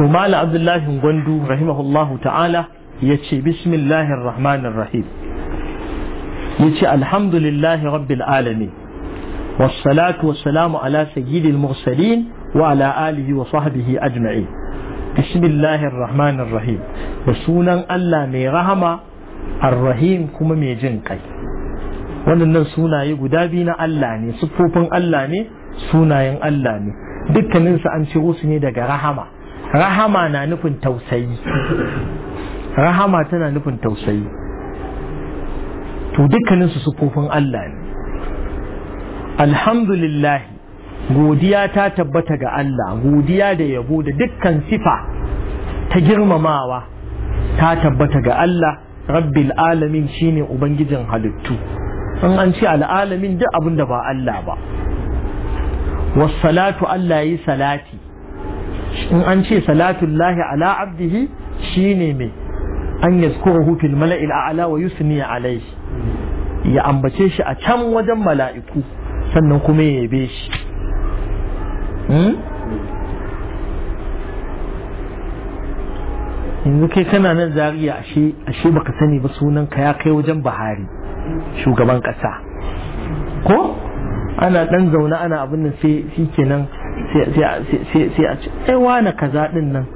to mala abdullahi gwandu rahimahullahu ta'ala ya ce bismillahir rahmanir rahim ya ce alhamdulillahi rabbil alamin wassalatu wassalamu ala sayyidil mursalin wa ala alihi wa sahbihi ajma'in bismillahir rahmanir rahim da sunan Allah mai rahama ar-rahim kuma mai jin kai wannan sunaye guda biyu na Allah ne siffofin Allah ne sunayen Allah ne dukkaninsu an ce su ne daga rahama rahama na nufin tausayi rahama tana nufin tausayi to dukkanin su sufofin Allah ne alhamdulillah godiya ta tabbata ga Allah godiya da yabo da dukkan sifa ta girmamawa ta tabbata ga Allah rabbil alamin shine ubangijin halittu in an ce al'alamin duk abin da ba Allah ba wassalatu Allah yi salati in an ce salatullahi ala abdihi shine mai an yazkuruhu fil mala'il a'la wa yusni alayhi ya ambace shi a can wajen mala'iku sannan kuma ya yabe shi hmm? yanzu kai kana nan zariya ashe baka sani ba sunan ka ya kai wajen Buhari shugaban kasa ko ana dan zaune ana abin nan sai nan. sai a ce ai wane kaza din nan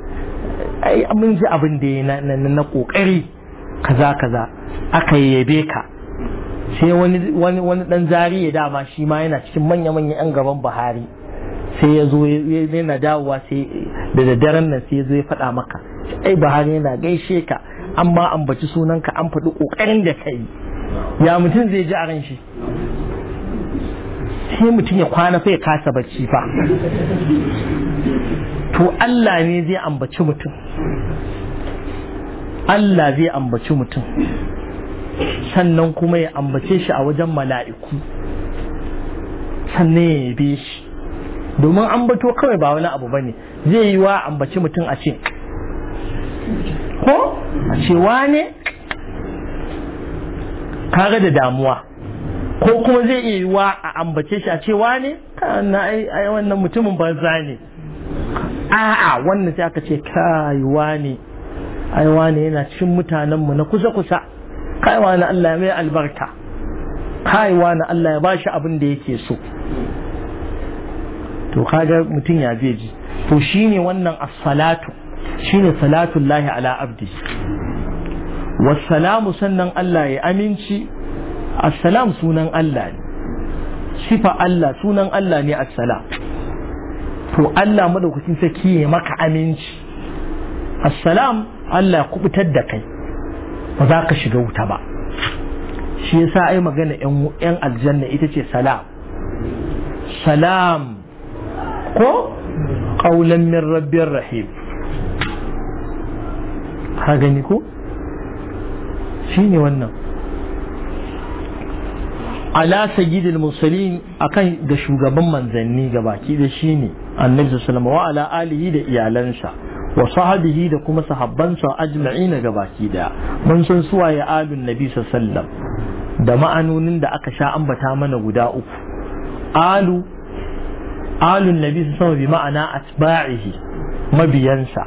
ai mun ji abin da ya na kokari kaza kaza aka yabe ka sai wani wani dan zari ya dama shi ma yana cikin manya manyan yan gaban Buhari sai ya zo yana dawowa sai da daddaren nan sai ya zo ya faɗa maka ai Buhari yana gaishe ka amma baci sunanka an faɗi ƙoƙarin da ka yi ya mutum zai ji a ran shi sai mutum ya kwana sai ya kasa bacci fa to Allah ne zai ambaci mutum Allah zai ambaci mutum sannan kuma ya ambace shi a wajen mala'iku sannan ya yabe shi domin ambato kawai ba wani abu bane zai yi wa ambaci mutum a ce ko a ce wane kaga da damuwa ko kuma zai iya yiwa a ambace shi a ce wane na ai wannan mutumin banza ne a'a wannan sai aka ce kai wane ai wane yana cikin mutanen mu na kusa kusa kai wane Allah ya mai albarka kai wane Allah ya bashi abin da yake so to kaga mutum ya je ji to shine wannan as-salatu shine Allah ala abdi wa salamu sannan Allah ya aminci assalam sunan Allah ne sifa Allah sunan Allah ne assalam to Allah madaukakin sarki ya maka aminci assalam Allah ya kubutar da kai ba za ka shiga wuta ba shi yasa ai magana yan aljanna ita ce salam salam ko qaulan min rabbir rahim ka gani ko shine wannan ala sayyidil mursalin akan ga shugaban manzanni ga baki da shine annabi sallallahu wa ala alihi da iyalansa wa sahabihi da kuma sahabbansa ajma'in ga baki da mun san ya alun nabi sallallahu da ma'anonin da aka sha ambata mana guda uku alu alun nabi sallallahu bi ma'ana atba'ihi mabiyansa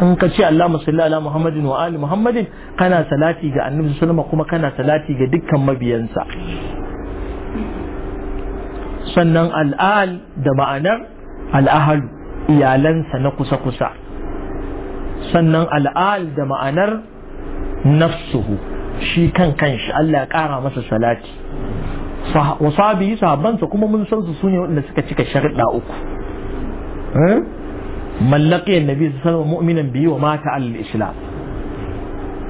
in ka ce Allah musalli ala Muhammadin wa ali Muhammadin kana salati ga annabi sallama kuma kana salati ga dukkan mabiyansa sannan al'al da ma'anar al'ahalu iyalansa na kusa-kusa sannan al'al da ma'anar nafsuhu shi kan kanshi Allah ya ƙara masa salati wasabi sahabbansa kuma mun san su sune waɗanda suka cika sharuɗa uku na eh? annabi sallallahu wa mu'minan biyu wa mata al-islam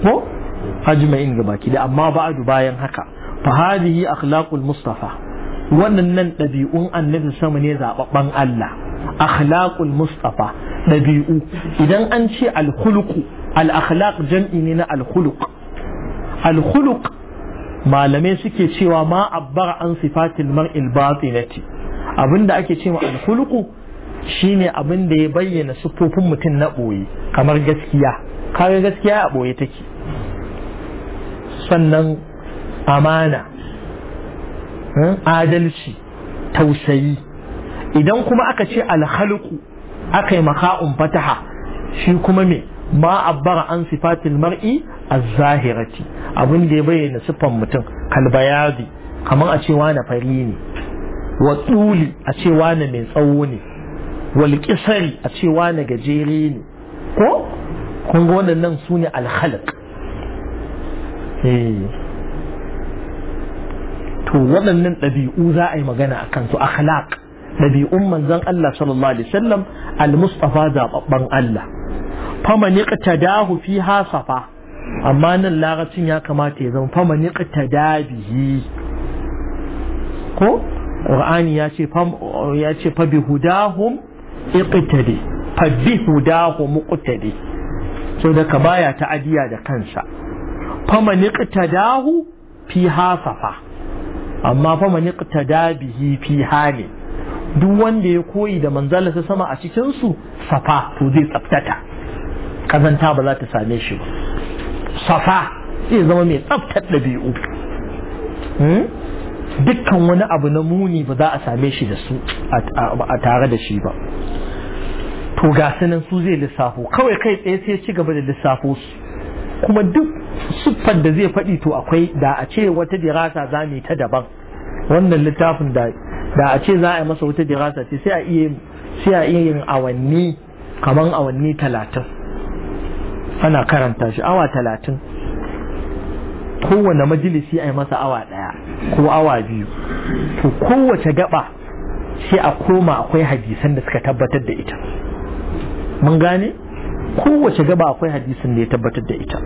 ko ajma'in gabaki da amma ba'adu bayan haka fa hadhihi akhlaqul mustafa wannan ɗabi'un annabi sama ne zaɓaɓɓen Allah akhlaqul mustafa ɗabi'u idan an ce alhulku al-akhlaq jam'i ne na alhuluk alhuluk malamai suke cewa ma abbar an sifatil mar'il batinati abinda ake cewa alkhuluqu shine abin da ya bayyana siffofin mutum na boye kamar gaskiya Kawai gaskiya a ɓoye take sannan amana adalci tausayi idan kuma aka ce alhalku aka yi maka'un fataha shi kuma me ma abbara an sifatin mar'i a zahirati abin da ya bayyana siffan mutum kalbayadi kamar a cewa na fari ne wa tsuli a ce na mai tsawo ne walƙisari a cewa na gajere ne ko kun ga waɗannan su ne alhalq eh. to waɗannan ɗabi'u za a yi magana a kansu akhlaq ɗabi'un manzon Allah sallallahu alaihi wasallam al-mustafa zababban Allah faman iqtadahu fi hasafa amma nan larabcin ya kamata ya zama faman iqtada bihi ko qur'ani ya ce ya ce fa bihudahum iqtadi fa bihudahum iqtadi so da ka baya ta adiya da kansa faman iqtadahu fi hasafa amma fa man yaqtada bihi fi hali duk wanda ya koyi da manzala ta sama a cikin su safa to zai tsaftata kazanta ba za ta same shi ba safa zai zama mai tsaftar ɗabi'u hmm? dukkan wani abu na muni ba za a same shi da su a tare da shi ba to ga su su zai lissafo kawai kai tsaye sai ci gaba da lissafo su kuma duk siffar da zai faɗi to akwai da a ce wata dirasa za mu ta daban wannan littafin da da a ce za a yi masa wata dirasa ce sai a iya sai a iya yin awanni kaman awanni talatin ana karanta shi awa talatin kowane majalisi a yi masa awa ɗaya ko awa biyu to kowace gaba sai a koma akwai hadisan da suka tabbatar da ita mun gane kowace gaba akwai hadisin da ya tabbatar da ita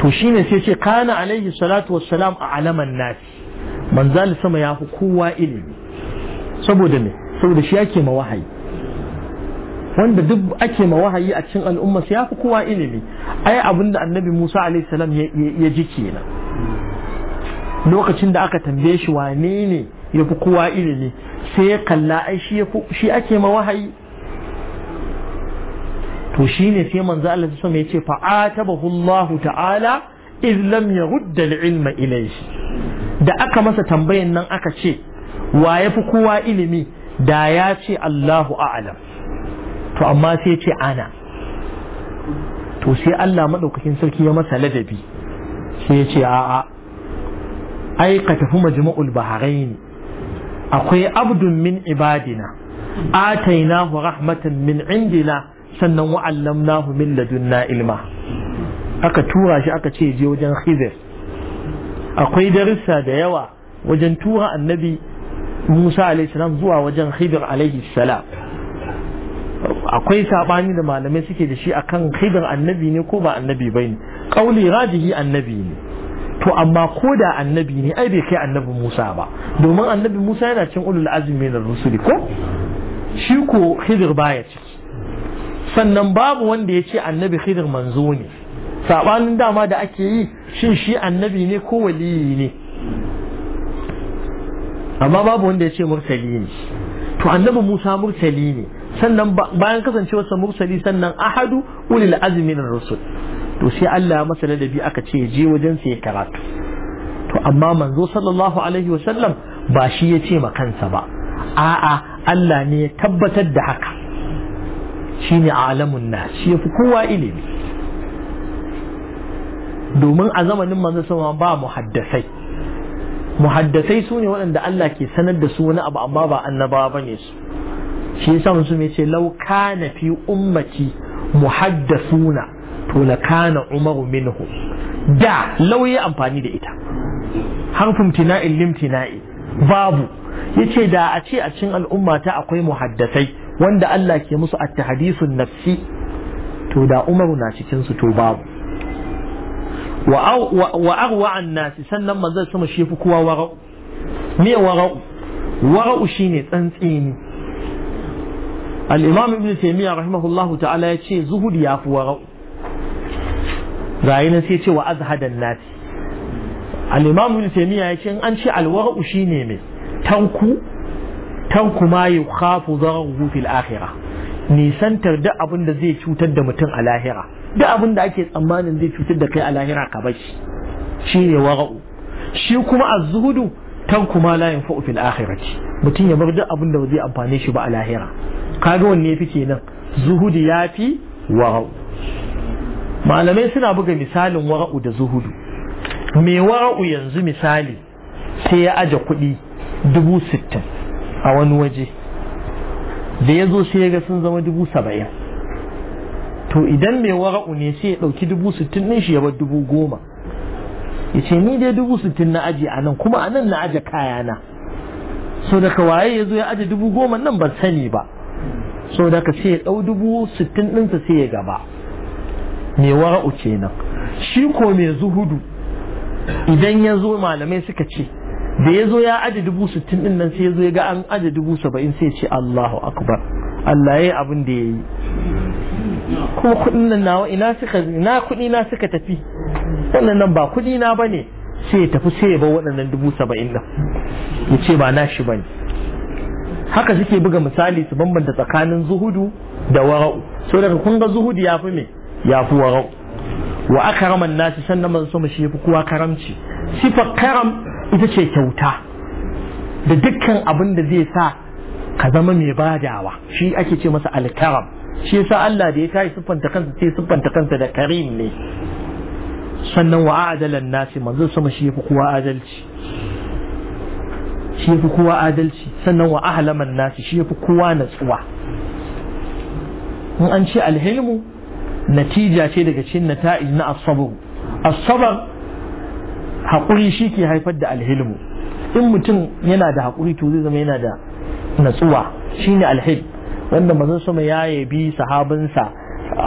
to shine sai ce kana alaihi salatu wassalam a alaman nasi manzal sama ya fi kowa ilimi saboda me saboda shi yake ma wahayi wanda duk ake ma wahayi a cikin al'umma sai ya fi kowa ilimi ai abinda annabi Musa alaihi salam ya ji kenan lokacin da aka tambaye shi wane ne ya fi kowa ilimi sai ya kalla ai shi ake ma wahayi to shine sai manzo Allah ya ce yace fa atabahu Allah ta'ala iz lam yurd al-ilma ilayhi da aka masa tambayan nan aka ce wa yafi kowa ilimi da ya ce Allahu a'lam to amma sai ce ana to sai Allah madaukakin sarki ya masa ladabi sai ya ce a'a ai ka tafi majmu'ul baharain akwai abdun min ibadina atainahu rahmatan min indina sannan wa'allamnahu min ladunna ilma aka tura shi aka ce je wajen khizir akwai darussa da yawa wajen tura annabi Musa alaihi zuwa wajen khizir alaihi akwai sabani da malamai suke da shi akan khidar annabi ne ko ba annabi bai ne kauli rajihi annabi ne to amma ko da annabi ne ai bai kai annabi Musa ba domin annabi Musa yana cin ulul azumi na rusuli ko shi ko khidar baya ciki sannan babu wanda ya ce annabi khidir manzo ne sabanin dama da ake yi shin shi annabi ne ko waliyi ne amma babu wanda ya ce Murtali ne to annabi musa Murtali ne sannan bayan kasancewarsa mursali sannan ahadu ulil azmin rusul to sai Allah ya masa ladabi aka ce ya je wajen sa ya karatu to amma manzo sallallahu alaihi sallam ba shi ya ce ma kansa ba a'a Allah ne ya tabbatar da haka shine alamun na shi fi kowa ilimi domin a zamanin manzo sama ba muhaddasai muhaddasai su ne waɗanda Allah ke sanar da su wani abu amma ba annabawa bane su shi yasa samun su me ce law kana fi ummati muhaddasuna to la kana umaru minhu da lauyi amfani da ita harfin tina'in limtina'i babu yace da a ce a cikin al'umma ta akwai muhaddasai wanda Allah ke musu at-tahdisun nafsi to da umaru na cikin su to babu wa arwa an nasi sannan manzon sama shi fi kowa wara'u me wara'u wara'u shine tsantsini al-imam ibn taymiyyah rahimahullahu ta'ala ya ce zuhudi ya fi wara'u gayi na sai ce wa azhadan nasi al-imam ibn taymiyyah ya ce an ce al-wara'u shine me tanku tarku ma yukhafu darahu fil akhirah nisantar duk abin da zai cutar da mutum a lahira duk abin da ake tsammanin zai cutar da kai a lahira ka bar shi ne wara'u shi kuma a zuhudu tarku ma layin yanfa'u fil mutum ya bar duk abin da zai amfani shi ba a lahira kaga wanne yafi kenan zuhudu yafi wara'u malamai suna buga misalin wara'u da zuhudu me wara'u yanzu misali sai ya aje kuɗi dubu sittin a wani waje da ya zo sai ya ga sun zama dubu saba'in to idan mai wara'u ne sai ya ɗauki dubu sittin ɗin shi ya bar dubu goma ya ce ni dai dubu sittin na aji a nan kuma a nan na aje kayana so daga waye ya zo ya aje dubu goma nan ban sani ba so daga sai ya ɗau dubu sittin ɗinsa sai ya gaba mai wara'u kenan shi ko mai zuhudu idan ya zo malamai suka ce da ya zo ya aje dubu sittin din nan sai ya zo ya ga an aje dubu saba'in sai ce Allahu akbar Allah ya yi abin da ya yi ko kuɗin nan nawa ina suka na kuɗi na suka tafi wannan nan ba kuɗi na bane sai ya tafi sai ya bar waɗannan dubu saba'in nan ya ce ba na shi bane haka suke buga misali su bambanta tsakanin zuhudu da wara'u so daga kun ga zuhudu ya fi me ya fi wara'u wa akraman nasi sannan manzo shi fi kowa karamci sifar karam ita ce kyauta da dukkan abin da zai sa ka zama mai badawa shi ake ce masa alkaram shi yasa Allah da ya tashi siffanta kansa sai siffanta kansa da karim ne sannan wa adalan nasi manzo sama shi yafi kowa adalci shi yafi kowa adalci sannan wa ahlaman nasi shi yafi kowa natsuwa in an ce alhilmu natija ce daga cikin nata'ij na as-sabr as-sabr haƙuri shi ke haifar da alhilmu in mutum yana da haƙuri to zai zama yana da natsuwa shine alhil wanda mazan sama ya yabi sahabinsa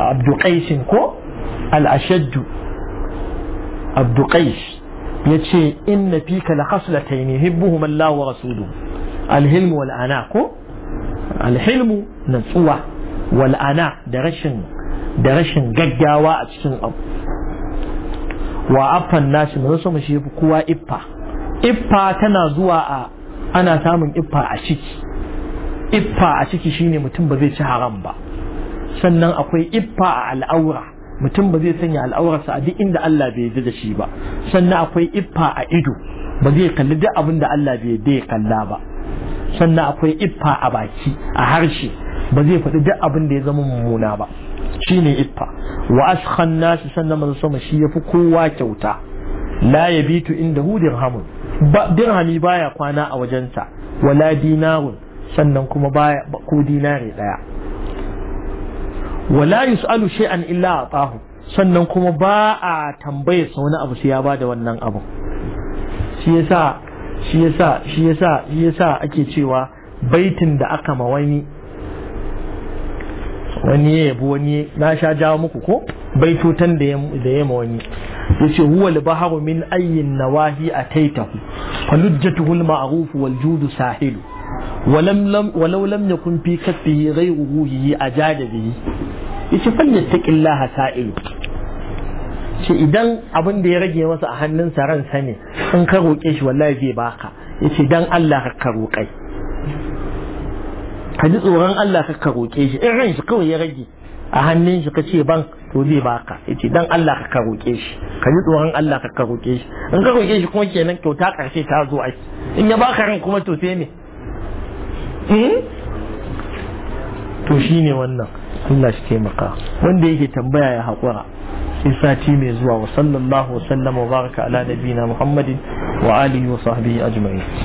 abduqaisin ko al-ashaddu abduqais ya ce inna fika la khaslatayn yuhibbuhuma Allah wa rasuluhu alhilmu wal'ana ko natsuwa da rashin da rashin gaggawa a cikin abu wa affan nashi ba sama shi yafi kowa iffa iffa tana zuwa a ana samun iffa a ciki iffa a ciki shine mutum ba zai ci haram ba sannan akwai iffa a al'aura mutum ba zai sanya al'aurarsa a duk inda Allah bai yarda da shi ba sannan akwai iffa a ido ba zai kalli duk abin da Allah bai yarda ya kalla ba sannan akwai iffa a baki a harshe ba zai faɗi duk abin da ya zama mummuna ba shine iffa wa askhan nas sannan manzo sama shi yafi kowa kyauta la yabitu indahu dirhamun dirhami baya kwana a wajensa wala dinarun sannan kuma baya ko dinari daya wala yus'alu shay'an illa atahu sannan kuma ba a tambaye sa wani abu sai ya bada wannan abu shi yasa shi yasa shi yasa shi yasa ake cewa baitin da aka ma wani wani ya yabo wani na sha jawo muku ko baitutan da ya ma wani yace huwa al min ayyin nawahi ataitahu falujjatuhu al-ma'ruf wal judu sahilu ولم لم ولو لم يكن في كفه غير روحه أجاد به yace falyattaki sa'ilu ce idan abin da ya rage masa a hannun sa ransa ne in ka roƙe shi wallahi zai baka yace dan Allah ka roƙai ka ji tsoron Allah ka ka roke shi in ran shi kawai ya rage a hannun shi ka ce ban to zai baka yace dan Allah ka ka roke shi ka ji tsoron Allah ka ka roke shi in ka roke shi kuma kenan kyauta karshe ta zo ai in ya baka ran kuma to sai me hmm? to shine wannan Allah shi taimaka wanda yake tambaya ya haƙura sai sati mai zuwa wa sallallahu wa sallama wa baraka ala nabiyina Muhammadin wa alihi wa sahbihi ajma'in